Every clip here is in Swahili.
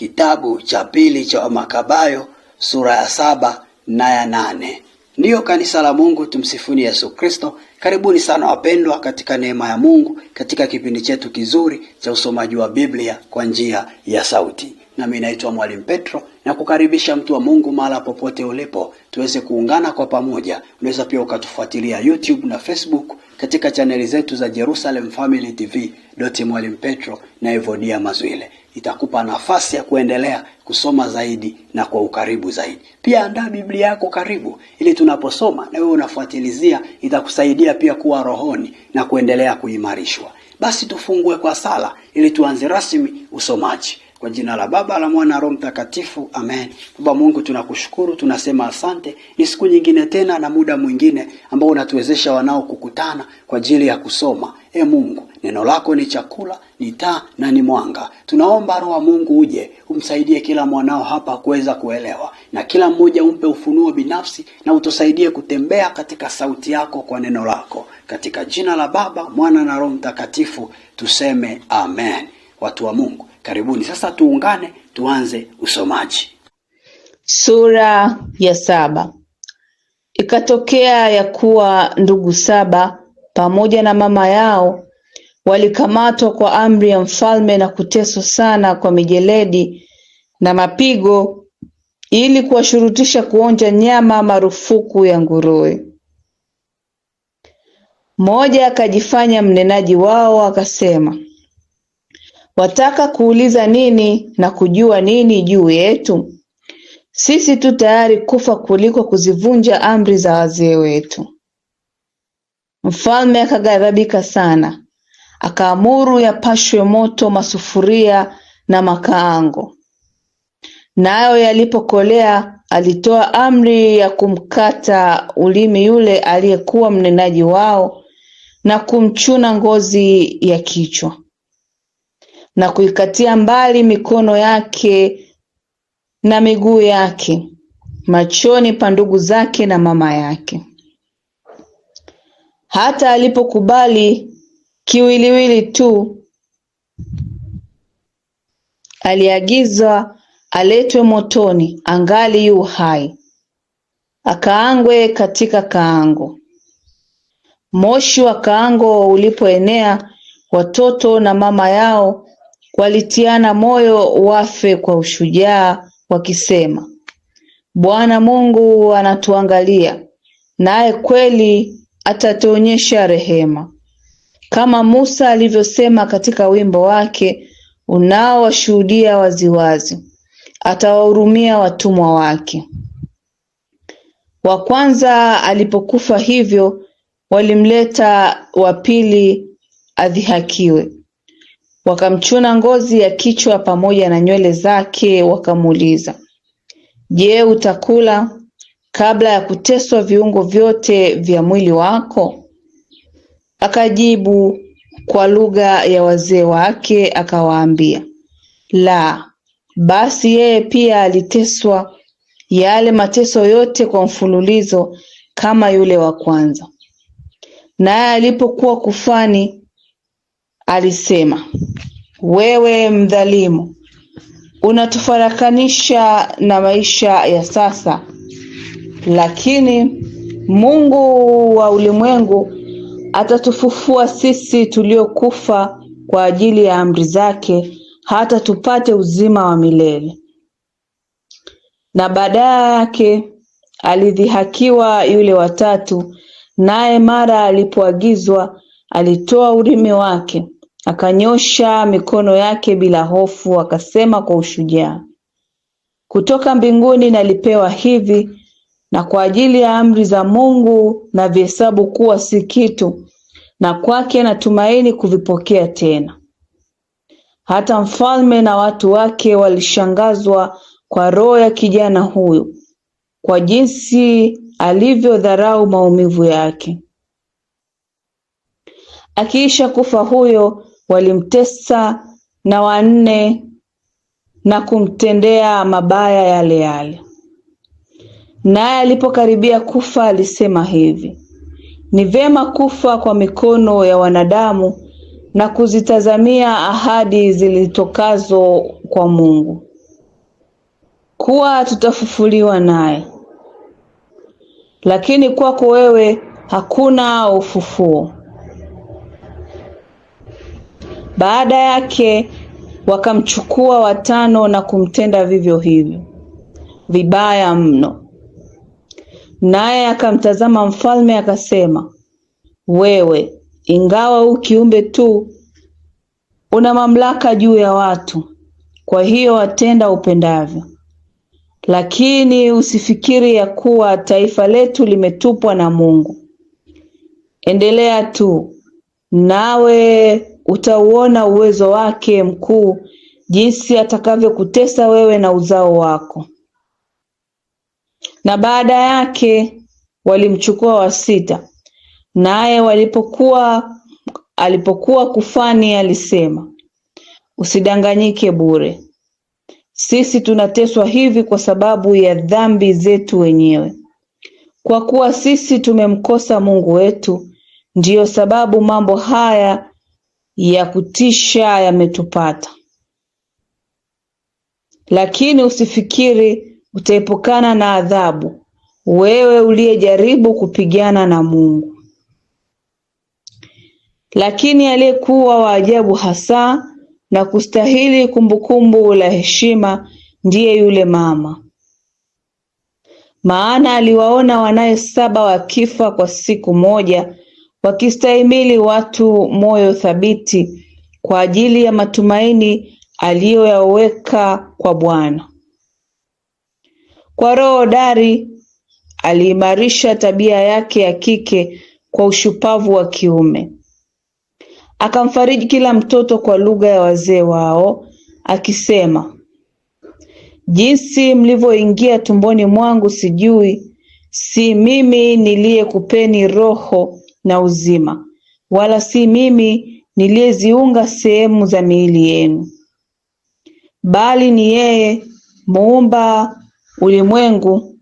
kitabu cha pili cha Wamakabayo sura ya saba na ya nane. Ndiyo kanisa la Mungu, tumsifuni Yesu Kristo. Karibuni sana wapendwa, katika neema ya Mungu, katika kipindi chetu kizuri cha usomaji wa Biblia kwa njia ya sauti. Nami naitwa Mwalimu Petro na kukaribisha mtu wa Mungu mahala popote ulipo, tuweze kuungana kwa pamoja. Unaweza pia ukatufuatilia YouTube na Facebook katika chaneli zetu za Jerusalem Family TV doti Mwalimu Petro na Evodia Mazwile. Itakupa nafasi ya kuendelea kusoma zaidi na kwa ukaribu zaidi. Pia andaa Biblia yako karibu, ili tunaposoma na wewe unafuatilizia, itakusaidia kuendelea pia kuwa rohoni na kuendelea kuimarishwa. Basi tufungue kwa sala ili tuanze rasmi usomaji. Kwa jina la Baba la Mwana Roho Mtakatifu, amen. Baba Mungu, tunakushukuru, tunasema asante. Ni siku nyingine tena na muda mwingine ambao unatuwezesha wanao kukutana kwa ajili ya kusoma E Mungu, neno lako ni chakula, ni taa na ni mwanga. Tunaomba Roho wa Mungu uje umsaidie kila mwanao hapa kuweza kuelewa, na kila mmoja umpe ufunuo binafsi, na utusaidie kutembea katika sauti yako kwa neno lako, katika jina la Baba, Mwana na Roho Mtakatifu tuseme amen. Watu wa Mungu, karibuni sasa, tuungane tuanze usomaji. Sura ya saba. Ikatokea ya kuwa ndugu saba pamoja na mama yao walikamatwa kwa amri ya mfalme na kuteswa sana kwa mijeledi na mapigo ili kuwashurutisha kuonja nyama marufuku ya nguruwe. Mmoja akajifanya mnenaji wao akasema, wataka kuuliza nini na kujua nini juu yetu? Sisi tu tayari kufa kuliko kuzivunja amri za wazee wetu. Mfalme akagadhabika sana akaamuru yapashwe moto masufuria na makaango, nayo yalipokolea alitoa amri ya kumkata ulimi yule aliyekuwa mnenaji wao na kumchuna ngozi ya kichwa na kuikatia mbali mikono yake na miguu yake machoni pa ndugu zake na mama yake. Hata alipokubali kiwiliwili tu aliagizwa aletwe motoni angali yu hai akaangwe katika kaango. Moshi wa kaango ulipoenea, watoto na mama yao walitiana moyo wafe kwa ushujaa, wakisema Bwana Mungu anatuangalia, naye kweli atatuonyesha rehema, kama Musa alivyosema katika wimbo wake unaowashuhudia waziwazi, atawahurumia watumwa wake. Wa kwanza alipokufa hivyo walimleta wa pili adhihakiwe, wakamchuna ngozi ya kichwa pamoja na nywele zake, wakamuuliza, Je, utakula? kabla ya kuteswa viungo vyote vya mwili wako? Akajibu kwa lugha ya wazee wake akawaambia, la basi yeye pia aliteswa yale mateso yote kwa mfululizo kama yule wa kwanza. Naye alipokuwa kufani alisema, wewe mdhalimu, unatufarakanisha na maisha ya sasa lakini Mungu wa ulimwengu atatufufua sisi tuliokufa kwa ajili ya amri zake, hata tupate uzima wa milele. Na baadaye yake alidhihakiwa yule watatu, naye mara alipoagizwa alitoa ulimi wake, akanyosha mikono yake bila hofu, akasema kwa ushujaa, kutoka mbinguni nalipewa hivi na kwa ajili ya amri za Mungu na vihesabu kuwa si kitu, na kwake natumaini kuvipokea tena. Hata mfalme na watu wake walishangazwa kwa roho ya kijana huyu, kwa jinsi alivyodharau maumivu yake. Akiisha kufa huyo, walimtesa na wanne na kumtendea mabaya yale yale. Naye alipokaribia kufa alisema hivi: ni vema kufa kwa mikono ya wanadamu na kuzitazamia ahadi zilitokazo kwa Mungu, kuwa tutafufuliwa naye. Lakini kwako wewe hakuna ufufuo. Baada yake wakamchukua watano na kumtenda vivyo hivyo vibaya mno. Naye akamtazama mfalme akasema, wewe ingawa u kiumbe tu, una mamlaka juu ya watu, kwa hiyo watenda upendavyo. Lakini usifikiri ya kuwa taifa letu limetupwa na Mungu. Endelea tu, nawe utauona uwezo wake mkuu, jinsi atakavyokutesa wewe na uzao wako na baada yake walimchukua wasita. Naye walipokuwa alipokuwa kufani alisema, usidanganyike bure, sisi tunateswa hivi kwa sababu ya dhambi zetu wenyewe, kwa kuwa sisi tumemkosa Mungu wetu. Ndiyo sababu mambo haya ya kutisha yametupata. Lakini usifikiri utaepukana na adhabu, wewe uliyejaribu kupigana na Mungu. Lakini aliyekuwa wa ajabu hasa na kustahili kumbukumbu la heshima ndiye yule mama, maana aliwaona wanaye saba wakifa kwa siku moja, wakistahimili watu moyo thabiti kwa ajili ya matumaini aliyoyaweka kwa Bwana. Kwa roho dari aliimarisha tabia yake ya kike kwa ushupavu wa kiume. Akamfariji kila mtoto kwa lugha ya wazee wao akisema, jinsi mlivyoingia tumboni mwangu sijui, si mimi niliyekupeni roho na uzima, wala si mimi niliyeziunga sehemu za miili yenu, bali ni yeye muumba ulimwengu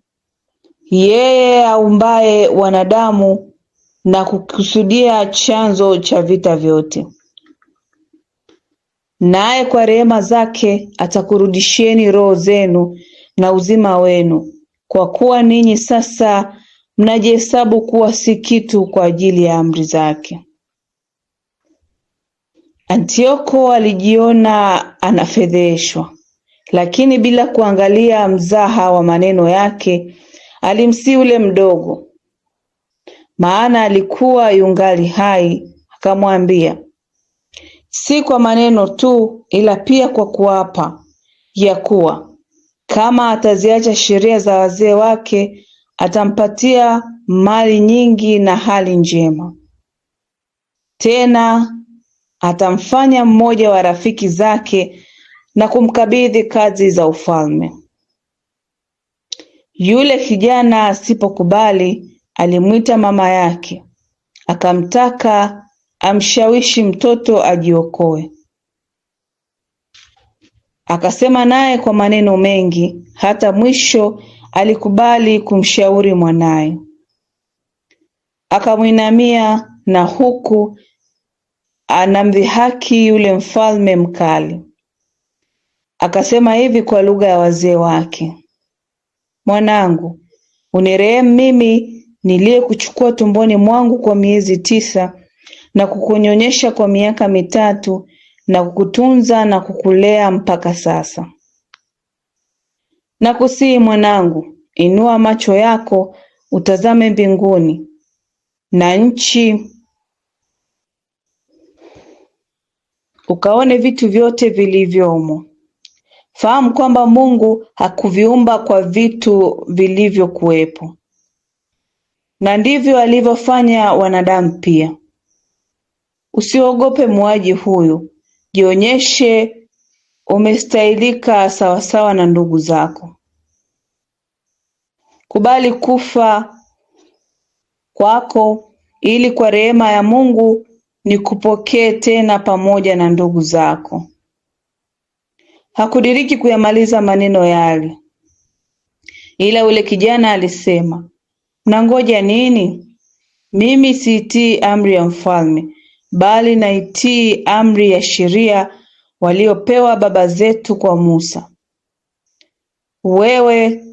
yeye aumbaye wanadamu na kukusudia chanzo cha vita vyote naye kwa rehema zake atakurudisheni roho zenu na uzima wenu, kwa kuwa ninyi sasa mnajihesabu kuwa si kitu kwa ajili ya amri zake. Antioko alijiona anafedheheshwa, lakini bila kuangalia mzaha wa maneno yake alimsi ule mdogo, maana alikuwa yungali hai. Akamwambia, si kwa maneno tu, ila pia kwa kuapa ya kuwa kama ataziacha sheria za wazee wake atampatia mali nyingi na hali njema, tena atamfanya mmoja wa rafiki zake na kumkabidhi kazi za ufalme. Yule kijana asipokubali, alimwita mama yake akamtaka amshawishi mtoto ajiokoe. Akasema naye kwa maneno mengi, hata mwisho alikubali kumshauri mwanaye. Akamwinamia na huku anamdhihaki yule mfalme mkali. Akasema hivi kwa lugha ya wazee wake: Mwanangu, unirehemu mimi niliyekuchukua tumboni mwangu kwa miezi tisa na kukunyonyesha kwa miaka mitatu na kukutunza na kukulea mpaka sasa. Nakusihi mwanangu, inua macho yako utazame mbinguni na nchi, ukaone vitu vyote vilivyomo, Fahamu kwamba Mungu hakuviumba kwa vitu vilivyokuwepo na ndivyo alivyofanya wanadamu pia. Usiogope muaji huyu, jionyeshe umestahilika sawasawa na ndugu zako. Kubali kufa kwako ili kwa rehema ya Mungu nikupokee tena pamoja na ndugu zako. Hakudiriki kuyamaliza maneno yale, ila ule kijana alisema, mnangoja nini? Mimi siitii amri ya mfalme, bali naitii amri ya sheria waliopewa baba zetu kwa Musa. Wewe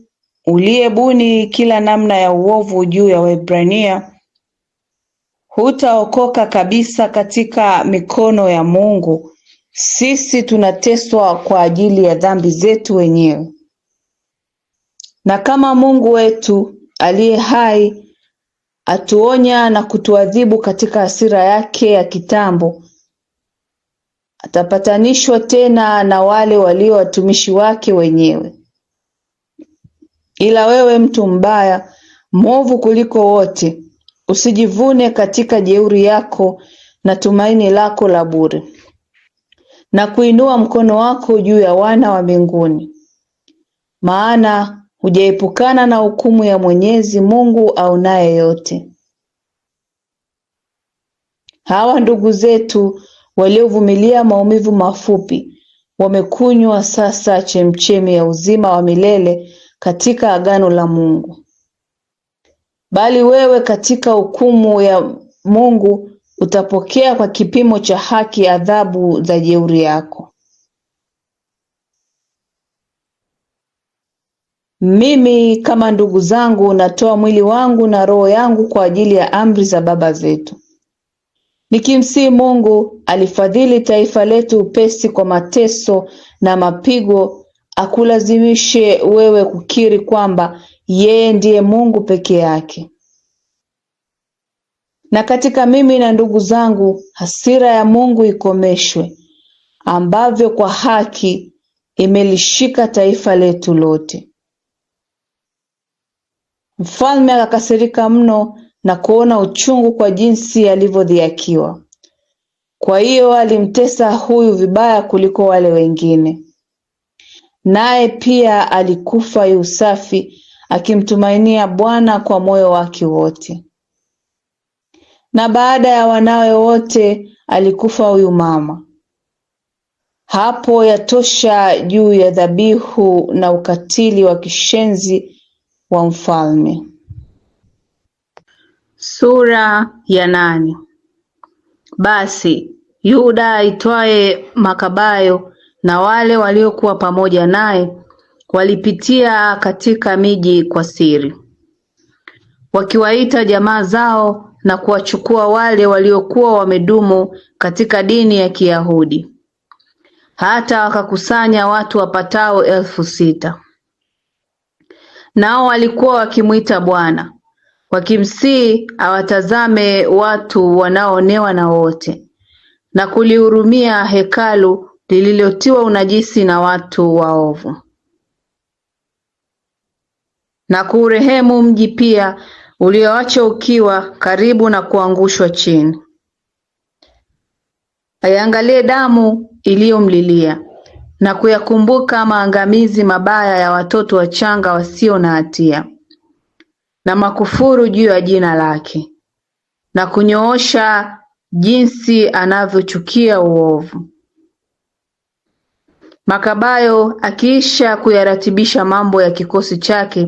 uliyebuni kila namna ya uovu juu ya Waebrania, hutaokoka kabisa katika mikono ya Mungu sisi tunateswa kwa ajili ya dhambi zetu wenyewe, na kama Mungu wetu aliye hai atuonya na kutuadhibu katika hasira yake ya kitambo, atapatanishwa tena na wale walio watumishi wake wenyewe. Ila wewe mtu mbaya mwovu kuliko wote, usijivune katika jeuri yako na tumaini lako la bure na kuinua mkono wako juu ya wana wa mbinguni, maana hujaepukana na hukumu ya Mwenyezi Mungu naye yote. Hawa ndugu zetu waliovumilia maumivu mafupi wamekunywa sasa chemchemi ya uzima wa milele katika agano la Mungu, bali wewe katika hukumu ya Mungu Utapokea kwa kipimo cha haki adhabu za jeuri yako. Mimi kama ndugu zangu natoa mwili wangu na roho yangu kwa ajili ya amri za baba zetu, nikimsihi Mungu alifadhili taifa letu upesi kwa mateso na mapigo, akulazimishe wewe kukiri kwamba yeye ndiye Mungu peke yake na katika mimi na ndugu zangu hasira ya Mungu ikomeshwe, ambavyo kwa haki imelishika taifa letu lote. Mfalme akakasirika mno na kuona uchungu kwa jinsi alivyodhiakiwa. Kwa hiyo alimtesa huyu vibaya kuliko wale wengine, naye pia alikufa yusafi, akimtumainia Bwana kwa moyo wake wote na baada ya wanawe wote alikufa huyu mama. Hapo yatosha juu ya dhabihu na ukatili wa kishenzi wa mfalme. Sura ya nane. Basi Yuda aitwaye Makabayo na wale waliokuwa pamoja naye walipitia katika miji kwa siri, wakiwaita jamaa zao na kuwachukua wale waliokuwa wamedumu katika dini ya Kiyahudi hata wakakusanya watu wapatao elfu sita. Nao walikuwa wakimwita Bwana wakimsii awatazame watu wanaoonewa na wote na kulihurumia hekalu lililotiwa unajisi na watu waovu na kuurehemu mji pia ulioacha ukiwa karibu na kuangushwa chini aiangalie damu iliyomlilia na kuyakumbuka maangamizi mabaya ya watoto wachanga wasio na hatia na makufuru juu ya jina lake na kunyoosha jinsi anavyochukia uovu Makabayo akiisha kuyaratibisha mambo ya kikosi chake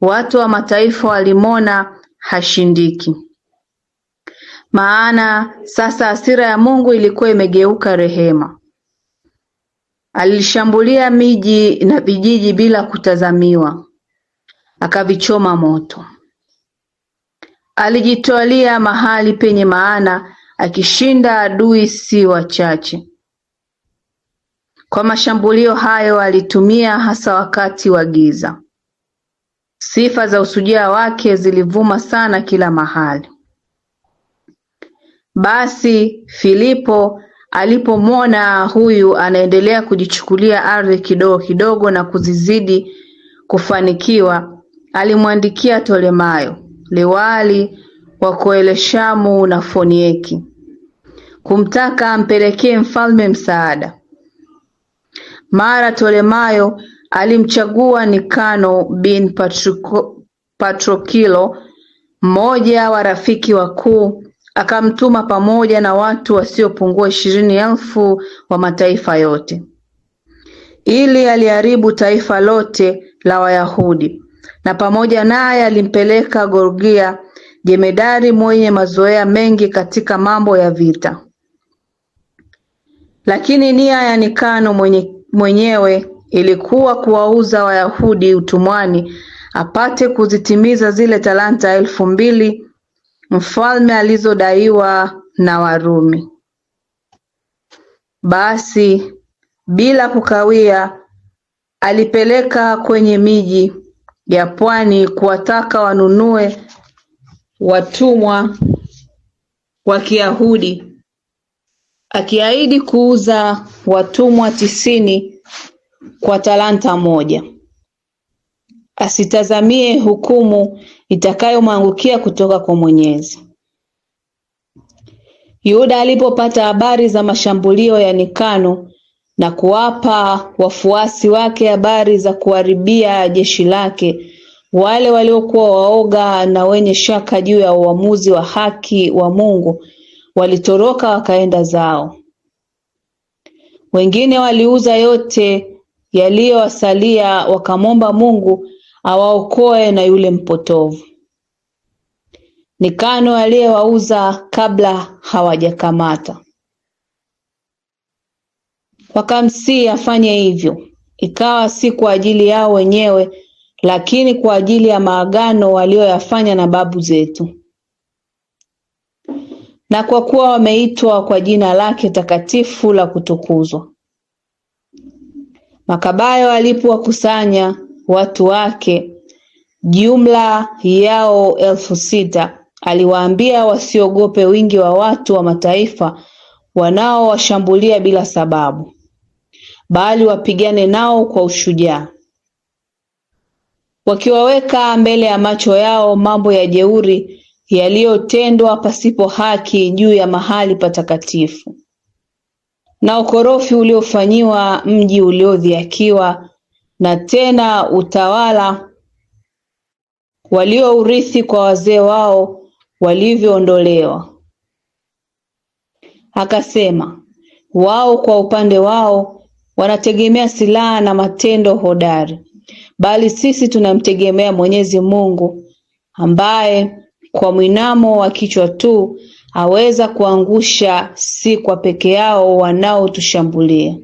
Watu wa mataifa walimwona hashindiki maana sasa hasira ya Mungu ilikuwa imegeuka rehema Alishambulia miji na vijiji bila kutazamiwa akavichoma moto alijitwalia mahali penye maana akishinda adui si wachache kwa mashambulio hayo alitumia hasa wakati wa giza Sifa za usujaa wake zilivuma sana kila mahali basi Filipo alipomwona huyu anaendelea kujichukulia ardhi kidogo kidogo na kuzizidi kufanikiwa alimwandikia Tolemayo liwali wa Koeleshamu na Fonieki kumtaka ampelekee mfalme msaada mara Tolemayo Alimchagua Nikano bin patrokilo mmoja wa rafiki wakuu akamtuma pamoja na watu wasiopungua ishirini elfu wa mataifa yote ili aliharibu taifa lote la Wayahudi na pamoja naye alimpeleka Gorgia jemedari mwenye mazoea mengi katika mambo ya vita lakini nia ya Nikano mwenye, mwenyewe ilikuwa kuwauza Wayahudi utumwani apate kuzitimiza zile talanta elfu mbili mfalme alizodaiwa na Warumi. Basi bila kukawia alipeleka kwenye miji ya pwani kuwataka wanunue watumwa wa Kiyahudi akiahidi kuuza watumwa tisini kwa talanta moja asitazamie hukumu itakayomwangukia kutoka kwa Mwenyezi. Yuda alipopata habari za mashambulio ya Nikano na kuwapa wafuasi wake habari za kuharibia jeshi lake, wale waliokuwa waoga na wenye shaka juu ya uamuzi wa haki wa Mungu walitoroka wakaenda zao. Wengine waliuza yote yaliyowasalia wakamwomba Mungu awaokoe na yule mpotovu. Ni Kano aliyewauza kabla hawajakamata. wakamsi afanye hivyo, ikawa si kwa ajili yao wenyewe, lakini kwa ajili ya maagano walioyafanya na babu zetu. Na kwa kuwa wameitwa kwa jina lake takatifu la kutukuzwa, Makabayo alipowakusanya watu wake jumla yao elfu sita aliwaambia wasiogope wingi wa watu wa mataifa wanaowashambulia bila sababu, bali wapigane nao kwa ushujaa, wakiwaweka mbele ya macho yao mambo ya jeuri yaliyotendwa pasipo haki juu ya mahali patakatifu na ukorofi uliofanyiwa mji uliodhiakiwa na tena utawala waliourithi kwa wazee wao walivyoondolewa. Akasema wao kwa upande wao wanategemea silaha na matendo hodari, bali sisi tunamtegemea Mwenyezi Mungu ambaye kwa mwinamo wa kichwa tu aweza kuangusha si kwa peke yao wanaotushambulia,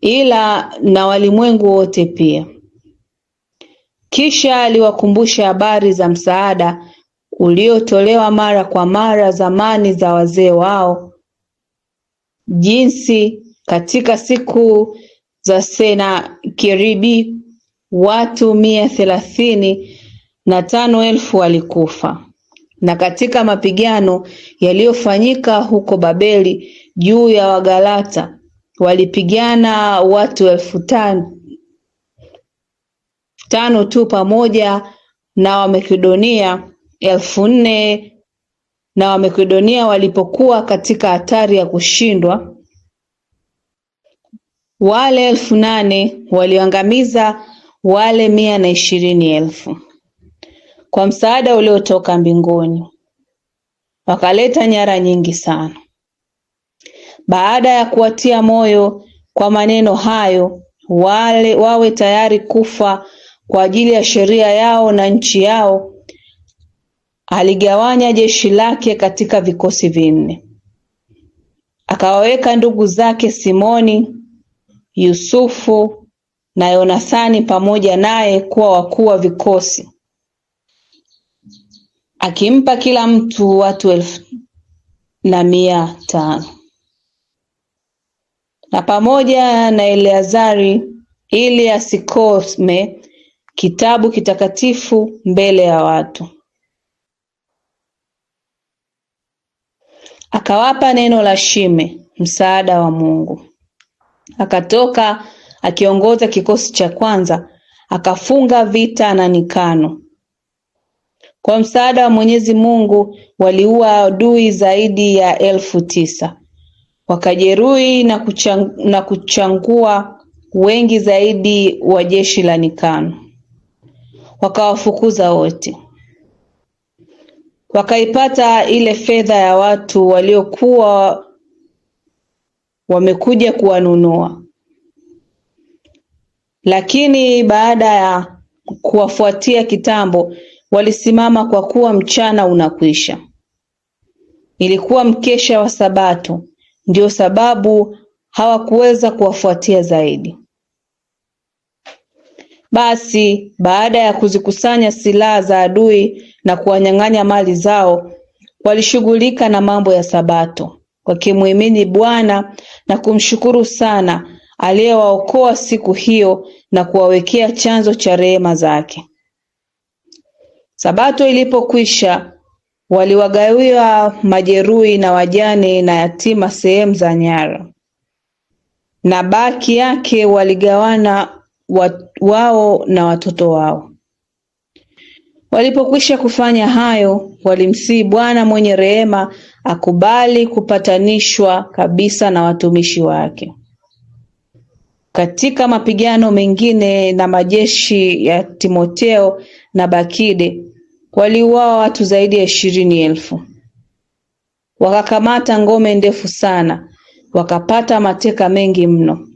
ila na walimwengu wote pia. Kisha aliwakumbusha habari za msaada uliotolewa mara kwa mara zamani za wazee wao, jinsi katika siku za Senakeribi watu mia thelathini na tano elfu walikufa. Na katika mapigano yaliyofanyika huko Babeli juu ya Wagalata walipigana watu elfu tano tano tu pamoja na Wamakedonia elfu nne na Wamakedonia walipokuwa katika hatari ya kushindwa, wale elfu nane waliangamiza wale mia na ishirini elfu kwa msaada uliotoka mbinguni, wakaleta nyara nyingi sana. Baada ya kuwatia moyo kwa maneno hayo, wale wawe tayari kufa kwa ajili ya sheria yao na nchi yao, aligawanya jeshi lake katika vikosi vinne, akawaweka ndugu zake Simoni, Yusufu na Yonathani pamoja naye kuwa wakuu wa vikosi akimpa kila mtu watu elfu na mia tano na pamoja na Eleazari ili asikosme kitabu kitakatifu mbele ya watu. Akawapa neno la shime, msaada wa Mungu. Akatoka akiongoza kikosi cha kwanza, akafunga vita na Nikano kwa msaada wa Mwenyezi Mungu waliua adui zaidi ya elfu tisa wakajeruhi na, kuchang, na kuchangua wengi zaidi wa jeshi la Nikano, wakawafukuza wote. Wakaipata ile fedha ya watu waliokuwa wamekuja kuwanunua, lakini baada ya kuwafuatia kitambo walisimama kwa kuwa mchana unakwisha. Ilikuwa mkesha wa Sabato, ndio sababu hawakuweza kuwafuatia zaidi. Basi baada ya kuzikusanya silaha za adui na kuwanyang'anya mali zao, walishughulika na mambo ya Sabato wakimwamini Bwana na kumshukuru sana aliyewaokoa siku hiyo na kuwawekea chanzo cha rehema zake. Sabato ilipokwisha waliwagawia majeruhi na wajane na yatima sehemu za nyara, na baki yake waligawana wao na watoto wao. Walipokwisha kufanya hayo, walimsihi Bwana mwenye rehema akubali kupatanishwa kabisa na watumishi wake. Katika mapigano mengine na majeshi ya timoteo na Bakide Waliuawa watu zaidi ya ishirini elfu wakakamata ngome ndefu sana, wakapata mateka mengi mno,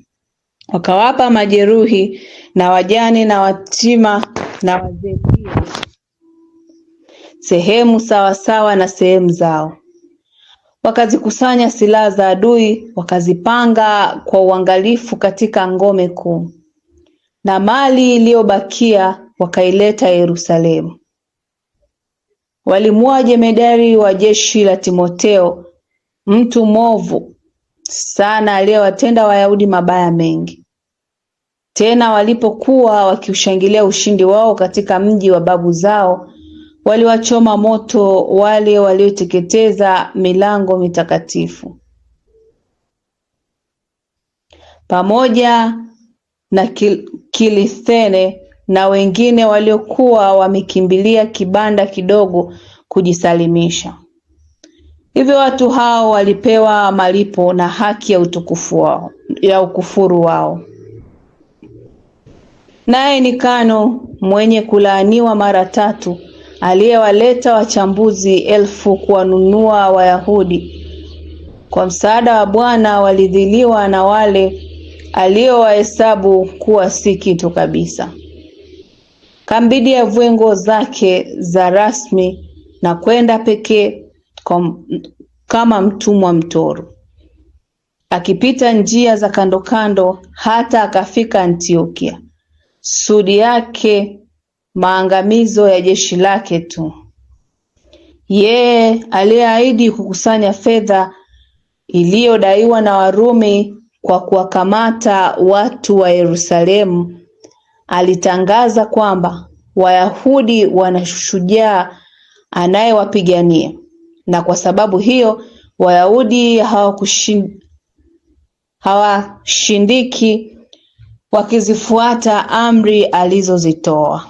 wakawapa majeruhi na wajane na watima na wazee pia, sehemu sawasawa na sehemu zao. Wakazikusanya silaha za adui, wakazipanga kwa uangalifu katika ngome kuu, na mali iliyobakia wakaileta Yerusalemu walimua jemedari wa jeshi la timoteo mtu mwovu sana aliyewatenda Wayahudi mabaya mengi. Tena walipokuwa wakiushangilia ushindi wao katika mji wa babu zao, waliwachoma moto wale walioteketeza milango mitakatifu pamoja na kil, kilithene na wengine waliokuwa wamekimbilia kibanda kidogo kujisalimisha. Hivyo watu hao walipewa malipo na haki ya utukufu wao, ya ukufuru wao. Naye Nikano mwenye kulaaniwa mara tatu aliyewaleta wachambuzi elfu kuwanunua Wayahudi kwa msaada wa Bwana walidhiliwa na wale aliyowahesabu kuwa si kitu kabisa. Kambidi avue nguo zake za rasmi na kwenda pekee kama mtumwa mtoro, akipita njia za kando kando hata akafika Antiokia. Sudi yake maangamizo ya jeshi lake tu. Yeye aliyeahidi kukusanya fedha iliyodaiwa na Warumi kwa kuwakamata watu wa Yerusalemu alitangaza kwamba Wayahudi wana shujaa anayewapigania na kwa sababu hiyo Wayahudi hawashindiki wakizifuata amri alizozitoa.